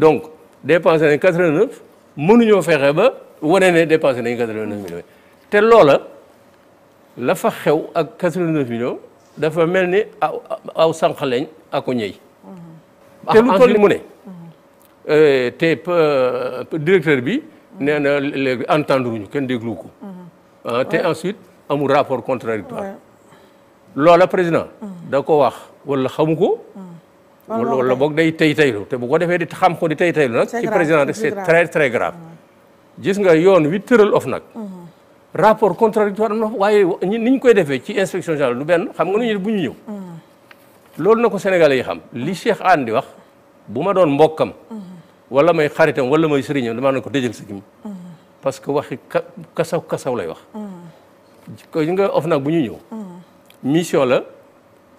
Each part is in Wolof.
donc dépensé nañ 89 mënuñoo fexe ba wane ne dépensé nañ 89 millions te loola la fa xew ak 89 millions dafa mel ni aw aw sànq te ah, mu ne. Euh, euh, directeur bi. nee na léegi entendre ñu kenn déglu ko. Ah, te ensuite amul rapport contradictoire loola président. da ko wax wala xamu ko. Ah, wala boog day tey teylu te bu ko defee di xam ko di tey teylu nag ci président rek c'est très très grave nga yoon wi tëral of nag uh-huh. rapport contradictoire am na waaye ni ñu koy defee ci inspection générale du benn xam nga nu ñu bu uh-huh. na ko sénégalais yi li Cheikh Anne di wax bu ma doon mbokkam uh-huh. wala may xaritam wala may sëriñam ma ne ko dëjël si gim parce que waxi kasaw kasaw lay wax ko nga of nag bu ñu ñëw mission la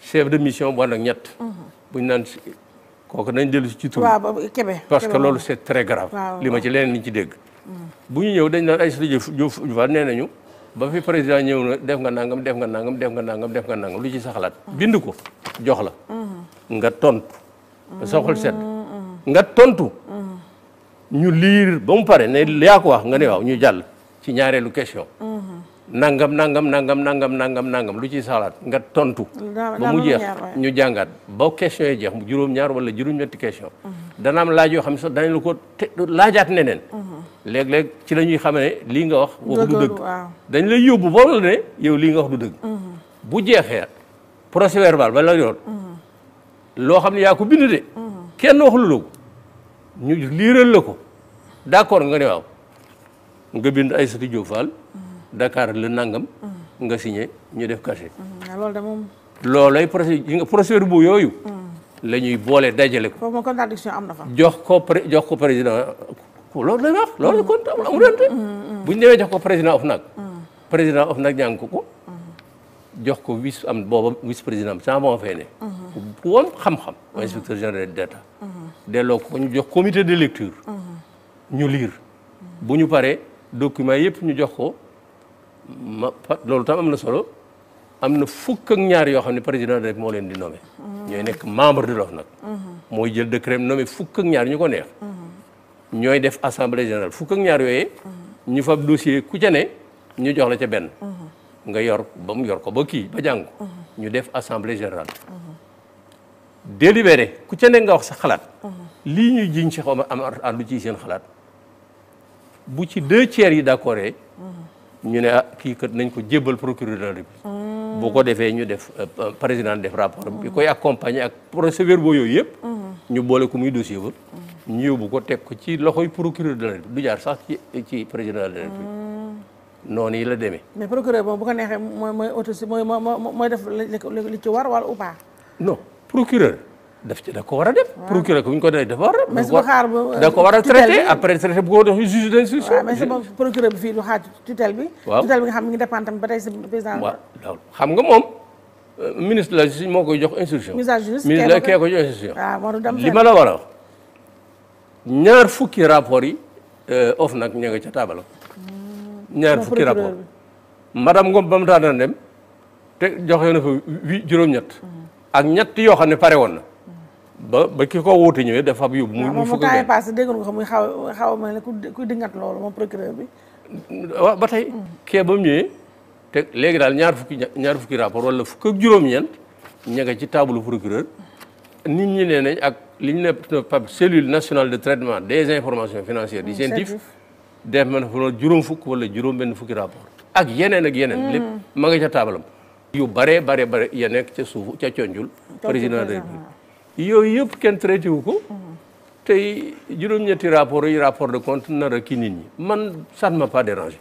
chef de mission bu ànd ñett bu ñu naan kooku nañ dellu ci tur. waaw Kébé parce que loolu c'est très grave. li ma ci leen ni ci dégg. Mm. bu ñu ñëw dañ naan Aïssatou Diouf Fall nee nañu ba fi président ñëw na def nga nangam def nga nangam def nga nangam def nga lu ci saxalaat mm. bind ko jox la. Mm-hmm. nga tontu. Mm-hmm. sa xol mm-hmm. nga tontu. ñu liir ba mu pare ne yaa ko wax nga ne waaw ñu jàll ci ñaareelu question. nangam nangam nangam nangam nangam nangam lu ci salaat nga tontu. ba mu jeex ñu jàngaat ba question yi jeex mu juróom-ñaar wala juróom-ñetti question mm-hmm. dana am laaj yoo xam ne sax danañ la ko te laajaat neneen. Mm-hmm. léeg-léeg ci la ñuy xam ne lii nga wax. waxu du dëgg dañ lay yóbbu ba la ne yow lii nga wax du dëgg. Mm-hmm. bu jeexee procès verbal ba la yor. loo xam ne yaa ko bind de. kenn waxul la ko ñu liiral la ko d' accord nga ne waaw nga bind Aïssatou Diop Fall. Dakar la nangam. nga signé ñu def cachet. Mm-hmm. loolu de moom. loolay procé nga procédure bu yooyu. Mm. la ñuy boole dajale ko. foofu moom contradiction am na fa. jox ko pré jox ko président loolu lay wax loolu kon amul wante. Mm-hmm. Mm-hmm. jox ko président OFNAC. Mm. président OFNAC jàng ko ko. jox ko vice am booba vice président am Jean Bonféné. ku woon xam ko jox comité de lecture. ñu lire bu ñu paree documents yëpp ñu jox ko. ma loolu tam am na solo am na fukk ñaar yoo xam ne président rek moo leen di nommé. ñooy nekk membre de l'OFNAC nag. mooy jël décret nommé fukk ñaar ñu ko neex. ñooy def assemblée générale fukk ñaar yooyu. ñu fab dossier ku ca ñu jox la ca benn. nga yor ba mu yor ko ba kii ba jàng. ñu def assemblée générale. délibéré ku ca ne nga wax sa xalaat. lii ñu jiñ ci xaw ma am àndu ci seen xalaat bu ci deux tiers yi d'accord ñu ne ah kii kat nañ ko jébbal procureur de la République. bu ko defee ñu def euh, président def rapport bi koy accompagner ak procès-verbaux yooyu yëpp. ñu boole ko muy dossier ba. ñu yóbbu ko teg ko ci loxoy procureur de la République du jaar sax ci ci président de la République. noonu yi la demee. mais procureur boobu bu ko neexee mooy mooy auto mooy mooy def li ci war wala ou pas. non procureur. daf ci da ko war a def. procureur ko bu ñu ko doon dafa war a. mais su ko xaar ba da euh, war a traité après traité bu ko doon juge mais su ma procureur bi fii du xaar tutelle bi. nga xam si nga moom. Euh, ministre la justice moo koy jox instruction. ministre de la justice jox instruction. Ah, li ma la war a wax ñaar fukki rapport yi euh, of nag ña nga ca taabal. Hmm. ñaar fukki rapport madame Ngom ba mu taa dana dem te joxe na fa huit juróom-ñett. Hmm. ak ñett yoo xam ne pare woon na. ba ba ki ko wuute ñëwee dafa am yóbbu. mu fukki benn passé muy xaw a a mel ne ku dingat loolu moom procureur bi. waaw ba tey. Hmm. kee ba mu ñëwee te léegi daal ñaar fukki ñaar fukki rapport wala fukk ak juróom-ñeent ña nga ci table procureur nit ñi nee nañ ak li ñu ne PAP cellule nationale de traitement des informations financières du hmm, CENTIF. def man fa loolu juróom fukk wala juróom benn fukki rapport ak yeneen ak yeneen. Hmm. lépp ma nga ca table yu bare bare bare ya nekk ca suufu ca coñjul président de la yooyu yëpp kenn traité wu ko. tey juróom-ñetti rapport yi rapport de compte nar a kii nit ñi man ça ne m'a pas dérangé.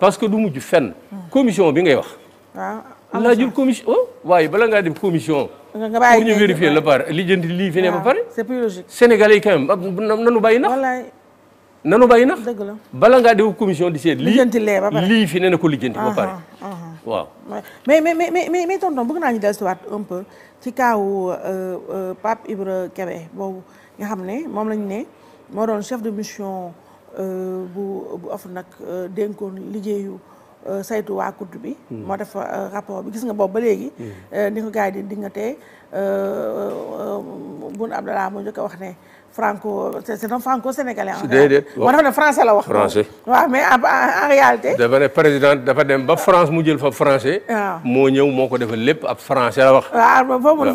parce que du mujj fenn. commission bi ngay wax. waaw ah, laajul commission oh waaye bala ngaa def commission. nga bàyyi pour ñu vérifier la par li jënd lii fi ne ba ah, pare. c'est plus logique sénégalais yi quand même nanu bàyyi nax. nanu bàyyi nax bala ngaa def commission di seet lii fi ne na ko lijjanti ba pare waaw mais mais mais mais mais tonton bëgg naa ñu dellusiwaat un peu ci kaaw euh, euh, Pape Ibra Kébé boobu nga xam ne moom lañu ne moo doon chef de mission euh, bu bu of nag dénkoon liggéeyu Euh, saytu waa kudd bi hmm. moo def euh, rapport bi gis nga boob ba léegi hmm. euh, ni ko yi di dingatee Boun Abdallah moo njëkk a wax ne franco c'est un franco sénégalais déedéet moo dafa ne français la wax français waaw mais en réalité dafa ne président dafa dem ba France mu jël fa français waaw ah. moo ñëw moo ko defal lépp ab français la wax ah, waaw foofu mu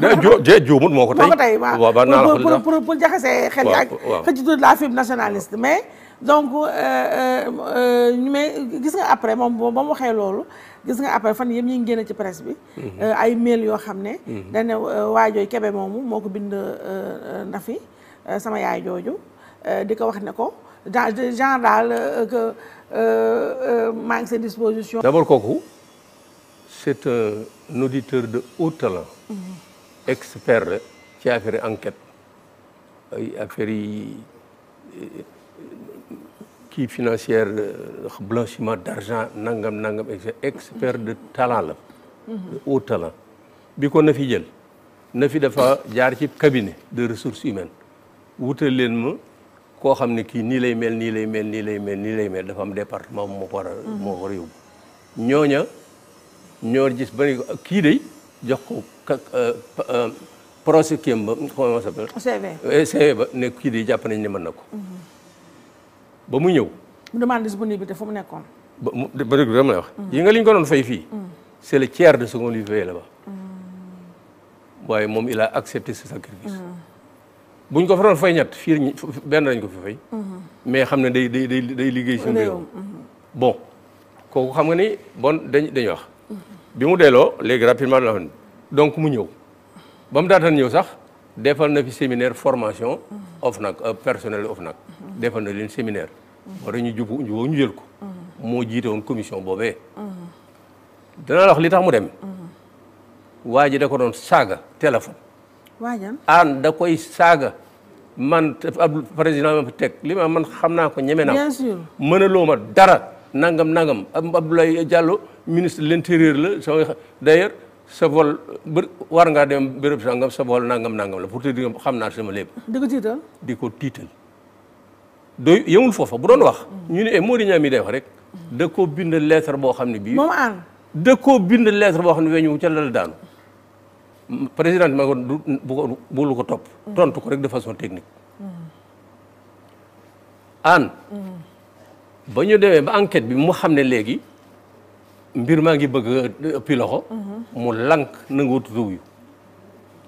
dafa juum jee juumut moo ko tey moo ko tey waaw pour pour jaxasee xel yi xëcc tuuti la fibre nationaliste mais donc ñu euh, euh, euh, mais gis nga après moom ba mu waxee loolu gis nga après fan yëpp ñu ngi génn ci presse bi. Mhm. ay mail yoo xam ne. Mhm. dañ ne waajooy kebe moomu moo ko bind Nafi sama yaay jooju di ko wax ne ko genre daal que maa ngi kooku c'est un auditeur de haut talent. Mhm. expert ci affaire enquête ay yi. kii financière euh, blanchiment d'argent nangam nangam expert de talent la de mhm. haut bi ko na fi jël na fi dafa jaar ci cabinet de ressources humaines wutal leen ma koo xam ne kii nii lay mel nii lay mel nii lay mel nii lay mel dafa am département moo ko war a moo ñooña ñoo gis ba ne kii day jox ko euh, euh, procès kéem ba comment ça ba ne kii day jàpp nañ ne mën na ko mhm. ba mu ñëw. mu demande disponibilité fu mu nekkoon. ba mu ba déglu mm. yi nga liñ ko doon fay fii. Mm. c' est le tiers de ce qu'on lui payait mm. waaye moom il a accepté ce sacrifice. bu ko fa doon fay ñett fii benn lañ ko fi fay. Mm-hmm. mais xam ne day day day liggéey suñu réew. Mm-hmm. bon kooku xam nga ni bon dañ dañu wax. Mm-hmm. bi mu delloo léegi rapidement la waxoon donc mu ñëw ba mu daataan ñëw sax defal na fi séminaire formation. OFNAC euh, personnel nag defal na leen séminaire. war ñu jub juboo ñu jël ko. moo jiite woon commission boobee. dana la wax li tax mu dem. waa ji da ko doon saaga téléphone. waajam aan da koy saaga man ab président ma teg li ma man xam naa ko ñeme naa ko. bien sûr mënaloo ma dara nangam nangam Abdoulaye Diallo ministre de l'intérieur la sama d'ailleurs sa vol war ngaa dem béréb sangam sa vol nangam nangam la pour te dire xam naa sama lépp. di ko tiital di ko tiital. doy yemul foofa bu doon wax. ñu ne eh, Mody Niang mi day wax rek. dëkkoo koo bind lettre boo xam ne bii. moom àll da koo bind lettre boo xam ne weñu ca la daanu. président ma ko bu topp. tontu rek de façon technique. ñu demee ba enquête bi mu xam ne léegi mbir maa ngi bëgg a euh, mu lank nanguwut wuyu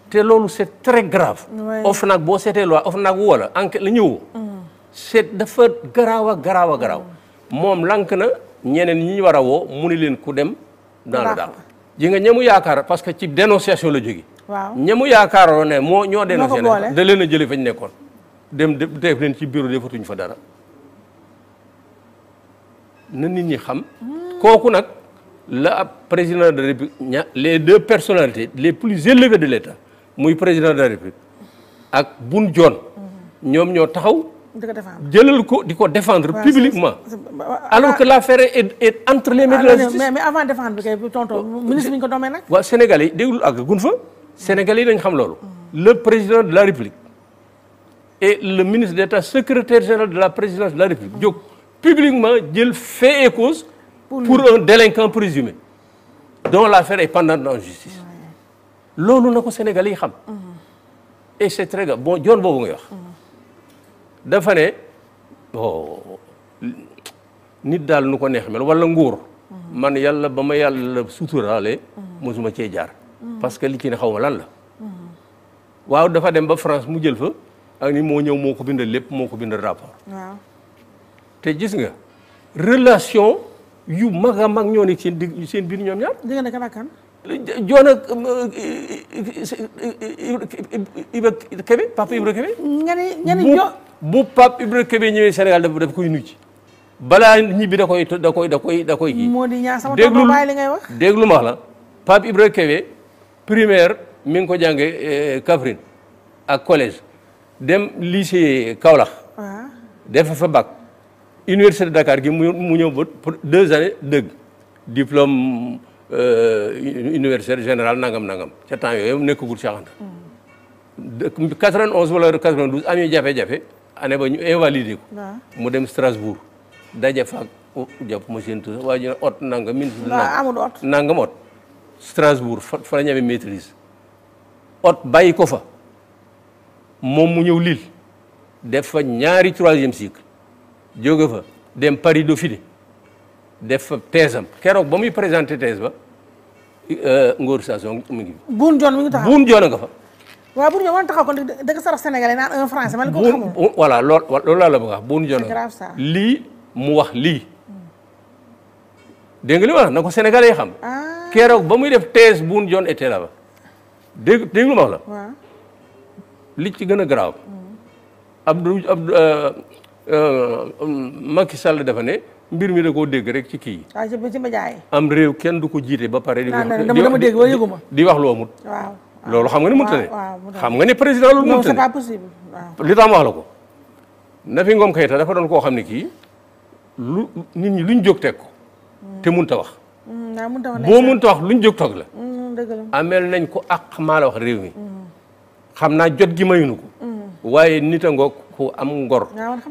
te loolu c'est très grave OFNAC boo seetee loi nag woo la enquête la ñëwoo c'est dafa garaaw a garaaw a garaaw moom lank na ñeneen ñi ñu war a woo mu ni leen ku dem daanu daal ji nga ñamu yaakaar parce que ci dénonciation la jóge waaw ñamu yaakaaroo ne moo ñoo dénoncé ne da leen a jële fañ nekkoon dem def leen ci bureau defatuñ fa dara na nit ñi xam hmm. kooku nag la ab président de la république les deux personnalités les plus élevées de l' muy président de la république ak Boun Dionne hmm. ñoom ñoo taxaw jëlal ko di ko défendre publiquement alors que ah, l'affaire est entre les mains de la justice mais avant défendre bi kay oh. ministre bi ñu ko doomee nag waaw Sénégal yi déglul ak gun fa Sénégal yi dañ xam loolu le président de la République et le ministre d'État secrétaire général de la présidence de la République jóg publiquement jël fait et cause pour un délinquant présumé dont l'affaire est pendante en justice loolu na ko Sénégal yi xam mm-hmm. et bon joon boobu ngay wax mm-hmm. dafa ne nit daal nu ko neex mel wala nguur man yàlla ba ma yàlla suturaale mosuma cee jaar parce que li ci ne xaw ma lan la waaw dafa dem ba France mu jël fa ak ni moo ñëw moo ko bindal lépp moo ko bindal rapport te gis nga relation yu mag a mag ñoo nekk seen dig ñoom ñaar diggante joona Ibra Kébé papa Ibra Kébé nga ne nga bu Pape Ibra Kébé ñëwee Sénégal daf daf koy nuyu balaa ñibbi da koy da koy da koy da wax déglu ma la Pape Ibra Kébé primaire mi ngi ko jàngee eh, Kaffrine ak collège dem lycée Kaolack. waaw ah. def fa bac université Dakar gi mu mu ñëw ba pour deux années dëgg diplôme euh, universitaire général nangam nangam ca temps yooyu nekkagul Cheikh Anta. 91 mm. wala am yu jafe-jafe. année ba ñu invalidé ko. mu dem Strasbourg daje fa ak jàpp ma seen tur waaye ñu ne ot nangam. ministre amul ot nangam ot. Strasbourg fa fa la ot bàyyi ko fa moom mu ñëw Lille def fa ñaari troisième cicle jóge fa dem Paris Dauphine def fa thèse am ba muy présenté thèse ba euh, ngoor Sasson mu ngi. Boun Dionne mi nga fa. waaw Bour Dione war na taxaw kon dëgg sarax sénégalais naan un français man ko xamul voilà lool loolu laa la bëgg a wax Bour Dione lii mu wax lii dégg nga li ma na ko sénégalais yi xam ah. keroog ba muy def thèse Bour Dione était ba dégg dégg lu ma wax la li ci gën a garaaw Abdou Abdou euh, euh, um, Macky Sall dafa ne mbir mi da koo dégg rek ci kii yi am réew kenn du ko jiite ba pare di wax di wax loo amut loolu xam nga ne mënta ne xam nga ne président loolu mënta ne non c'est pas possible li tax ma wax la ko Nafi Ngom Keïta dafa doon koo xam ne kii lu nit ñi luñ jóg teg ko hmm. te hmm, mënta wax boo mënta wax luñ jóg toog hmm, la amel nañ ko ak maa la wax réew mi xam naa jot gi mayunu ko waaye nit a ngoog ku am ngor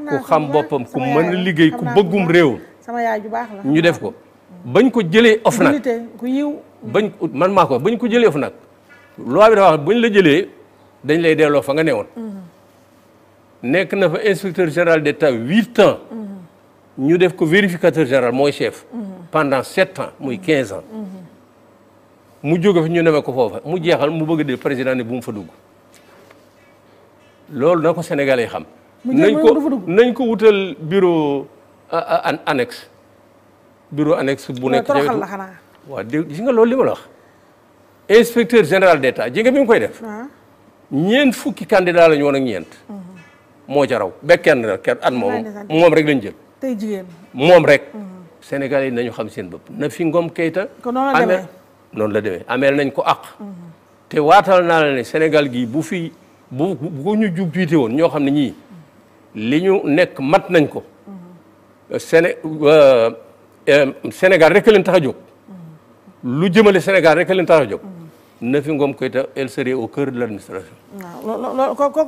ku xam boppam ku mën liggéey ku bëggum réew sama yaay ju baax la ñu def ko bañ ko jëlee of nag ku yiw bañ man maa ko bañ ko jëlee of nag loi bi dafa wax bu ñu la jëlee dañ lay delloo fa nga newoon. Mm-hmm. nekk na fa inspecteur général d'état huit ans. Mm-hmm. ñu def ko vérificateur général mooy chef. Mm-hmm. pendant sept ans muy quinze ans. mu jóge fi ñu neme ko foofa mu jeexal mu bëgg di président ne bu mu fa dugg. loolu na ko sénégalais xam. nañ ko nañ ko wutal bureau annexe bureau annexe bu nekk. waaw toroxal la nga loolu li ma la inspecteur général d'État ji bi mu koy def. ñeent fukki candidat la ñu woon ñeent. Mhm. moo ca raw ba moom moom rek lañ jël. tey jigéen moom rek. Mhm. senegal yi nañu xam seen bopp na fi Ngom Keita. kon ameel noonu la demee ameel nañ ko àq. Mhm. te waatal naa la ne Sénégal gii bu fi bu bu ko ñu jub jiite woon ñoo xam ne ñii li ñu nekk mat nañ ko. Euh, Séné rekk euh, euh, rek tax a jóg. lu jëmale senegal rek leen tax a jóg. Nafi Ngom Keïta elle serait au cœur de l'administration. waaw loolu